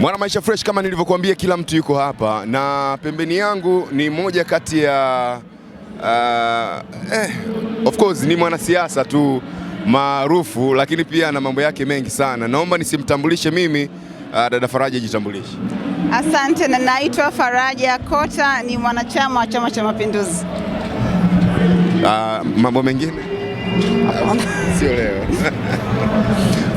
Mwana maisha fresh, kama nilivyokuambia, kila mtu yuko hapa na pembeni yangu ni moja kati ya uh, eh, of course ni mwanasiasa tu maarufu, lakini pia na mambo yake mengi sana. Naomba nisimtambulishe mimi, uh, dada Faraja jitambulishe. Asante, na naitwa Faraja Kota, ni mwanachama wa Chama cha Mapinduzi. Uh, mambo mengine sio leo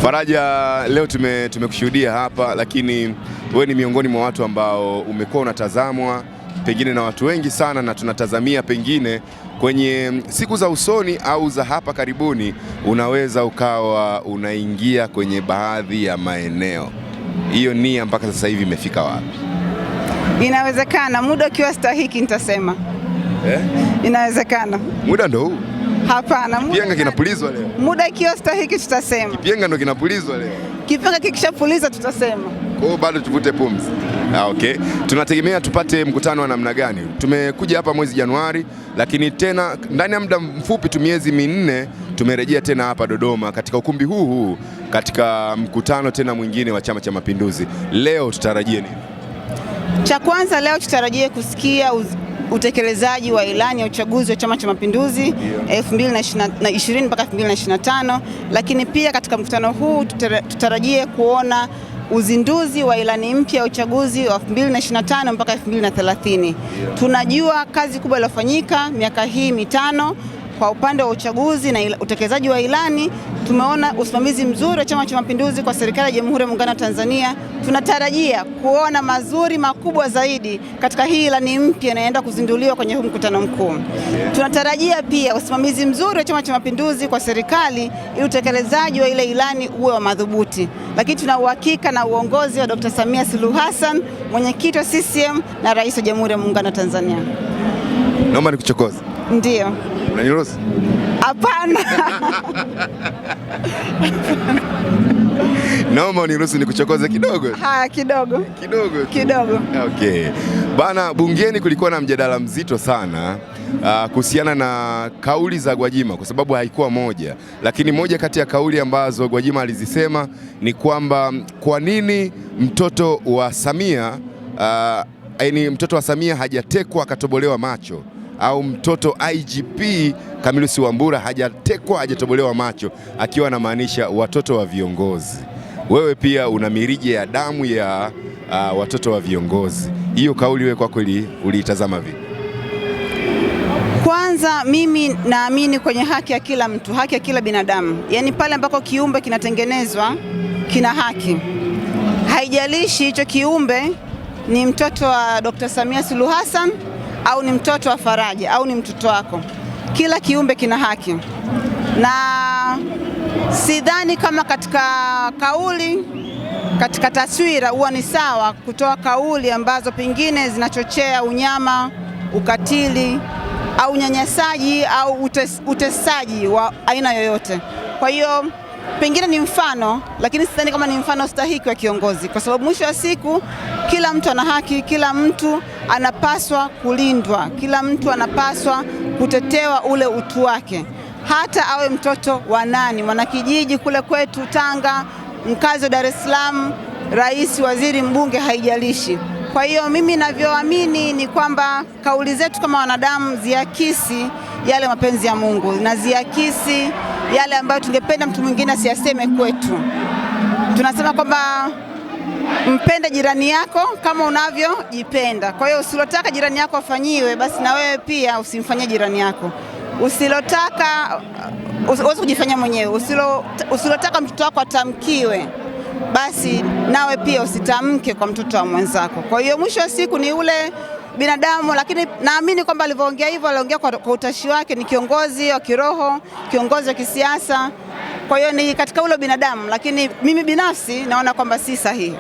Faraja, leo tume, tumekushuhudia hapa, lakini wewe ni miongoni mwa watu ambao umekuwa unatazamwa pengine na watu wengi sana, na tunatazamia pengine kwenye siku za usoni au za hapa karibuni unaweza ukawa unaingia kwenye baadhi ya maeneo. Hiyo nia mpaka sasa hivi imefika wapi? Inawezekana muda ukiwa stahiki nitasema eh? Inawezekana muda ndo huu Hapana. Kipenga kinapulizwa leo. Muda stahiki tutasema. Kipenga ndo kinapulizwa leo. Kipenga kikishapuliza tutasema. Kwa hiyo bado tuvute pumzi. Ah, okay. Tunategemea tupate mkutano wa namna gani? Tumekuja hapa mwezi Januari, lakini tena ndani ya muda mfupi tu miezi minne tumerejea tena hapa Dodoma katika ukumbi huu huu katika mkutano tena mwingine wa Chama cha Mapinduzi. Leo tutarajie nini? Cha kwanza leo tutarajie kusikia uz utekelezaji wa ilani ya uchaguzi wa Chama cha Mapinduzi 2020 mpaka 2025, lakini pia katika mkutano huu tutarajie kuona uzinduzi wa ilani mpya ya uchaguzi wa 2025 mpaka 2030. Tunajua kazi kubwa iliyofanyika miaka hii mitano kwa upande wa uchaguzi na utekelezaji wa ilani, Tumeona usimamizi mzuri wa Chama cha Mapinduzi kwa serikali ya Jamhuri ya Muungano wa Tanzania. Tunatarajia kuona mazuri makubwa zaidi katika hii ilani mpya inayoenda kuzinduliwa kwenye huu mkutano mkuu. Tunatarajia pia usimamizi mzuri wa Chama cha Mapinduzi kwa serikali ili utekelezaji wa ile ilani uwe wa madhubuti, lakini tuna uhakika na uongozi wa Dr. Samia Suluhu Hassan, mwenyekiti wa CCM na rais wa Jamhuri ya Muungano wa Tanzania. Naomba nikuchokoze ndio. Unaniruhusu? Hapana. Naomba uniruhusu nikuchokoze kidogo. Haya, kidogo. Kidogo. Kidogo. Okay. Bana, bungeni kulikuwa na mjadala mzito sana uh, kuhusiana na kauli za Gwajima kwa sababu haikuwa moja, lakini moja kati ya kauli ambazo Gwajima alizisema ni kwamba kwa nini mtoto wa Samia uh, yaani mtoto wa Samia hajatekwa akatobolewa macho au mtoto IGP Kamilusi Wambura hajatekwa, hajatobolewa macho, akiwa anamaanisha watoto wa viongozi. Wewe pia una mirija ya damu ya uh, watoto wa viongozi. Hiyo kauli wewe kweli uliitazama vipi? Kwanza mimi naamini kwenye haki ya kila mtu, haki ya kila binadamu, yaani pale ambako kiumbe kinatengenezwa kina haki, haijalishi hicho kiumbe ni mtoto wa Dr. Samia Suluhu Hassan au ni mtoto wa Faraja au ni mtoto wako. Kila kiumbe kina haki, na sidhani kama katika kauli, katika taswira huwa ni sawa kutoa kauli ambazo pengine zinachochea unyama, ukatili au unyanyasaji au utes, utesaji wa aina yoyote. Kwa hiyo pengine ni mfano, lakini sidhani kama ni mfano stahiki wa kiongozi, kwa sababu mwisho wa siku kila mtu ana haki, kila mtu anapaswa kulindwa, kila mtu anapaswa kutetewa ule utu wake, hata awe mtoto wa nani. Mwanakijiji kule kwetu Tanga, mkazi wa Dar es Salaam, rais, waziri, mbunge, haijalishi. Kwa hiyo mimi navyoamini ni kwamba kauli zetu kama wanadamu ziakisi yale mapenzi ya Mungu na ziakisi yale ambayo tungependa mtu mwingine asiyaseme kwetu. Tunasema kwamba mpende jirani yako kama unavyojipenda. Kwa hiyo usilotaka jirani yako afanyiwe, basi na wewe pia usimfanyie jirani yako. Usilotaka uh, uweze kujifanyia mwenyewe. Usilo, usilotaka mtoto wako atamkiwe basi nawe pia usitamke kwa mtoto wa mwenzako. Kwa hiyo mwisho wa siku ni ule binadamu, lakini naamini kwamba alivyoongea hivyo aliongea kwa, kwa utashi wake. Ni kiongozi wa kiroho, kiongozi wa kisiasa kwa hiyo ni katika ule binadamu, lakini mimi binafsi naona kwamba si sahihi.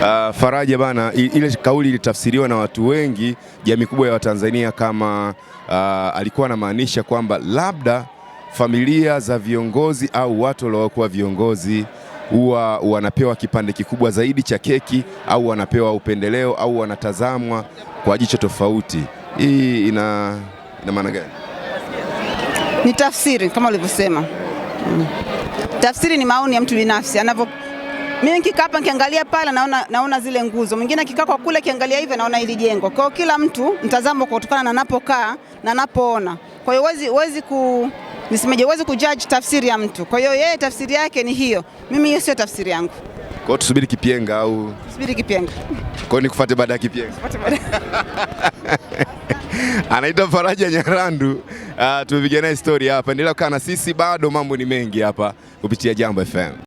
Uh, Faraja bana, ile kauli ilitafsiriwa na watu wengi, jamii kubwa ya Watanzania kama uh, alikuwa anamaanisha kwamba labda familia za viongozi au watu waliokuwa viongozi huwa wanapewa kipande kikubwa zaidi cha keki au wanapewa upendeleo au wanatazamwa kwa jicho tofauti. Hii ina, ina maana gani? Ni tafsiri kama ulivyosema. Mm. Tafsiri ni maoni ya mtu binafsi anavyo. Mimi nikikaa hapa nikiangalia pale naona, naona zile nguzo, mwingine akikaa kwa kule akiangalia hivi naona hili jengo. Kwa hiyo kila mtu mtazamo kutokana na anapokaa na anapoona. Kwa hiyo huwezi ku Nisimeje, huwezi kujudge tafsiri ya mtu. Kwa hiyo yeye tafsiri yake ni hiyo, mimi hiyo sio tafsiri yangu. Kwa hiyo tusubiri kipyenga au tusubiri kipenga? Kwa hiyo nikufuate baada ya kipenga. Anaitwa Faraja Nyarandu. Uh, tumepiga naye story hapa. Endelea kukaa na sisi, bado mambo ni mengi hapa kupitia Jambo FM.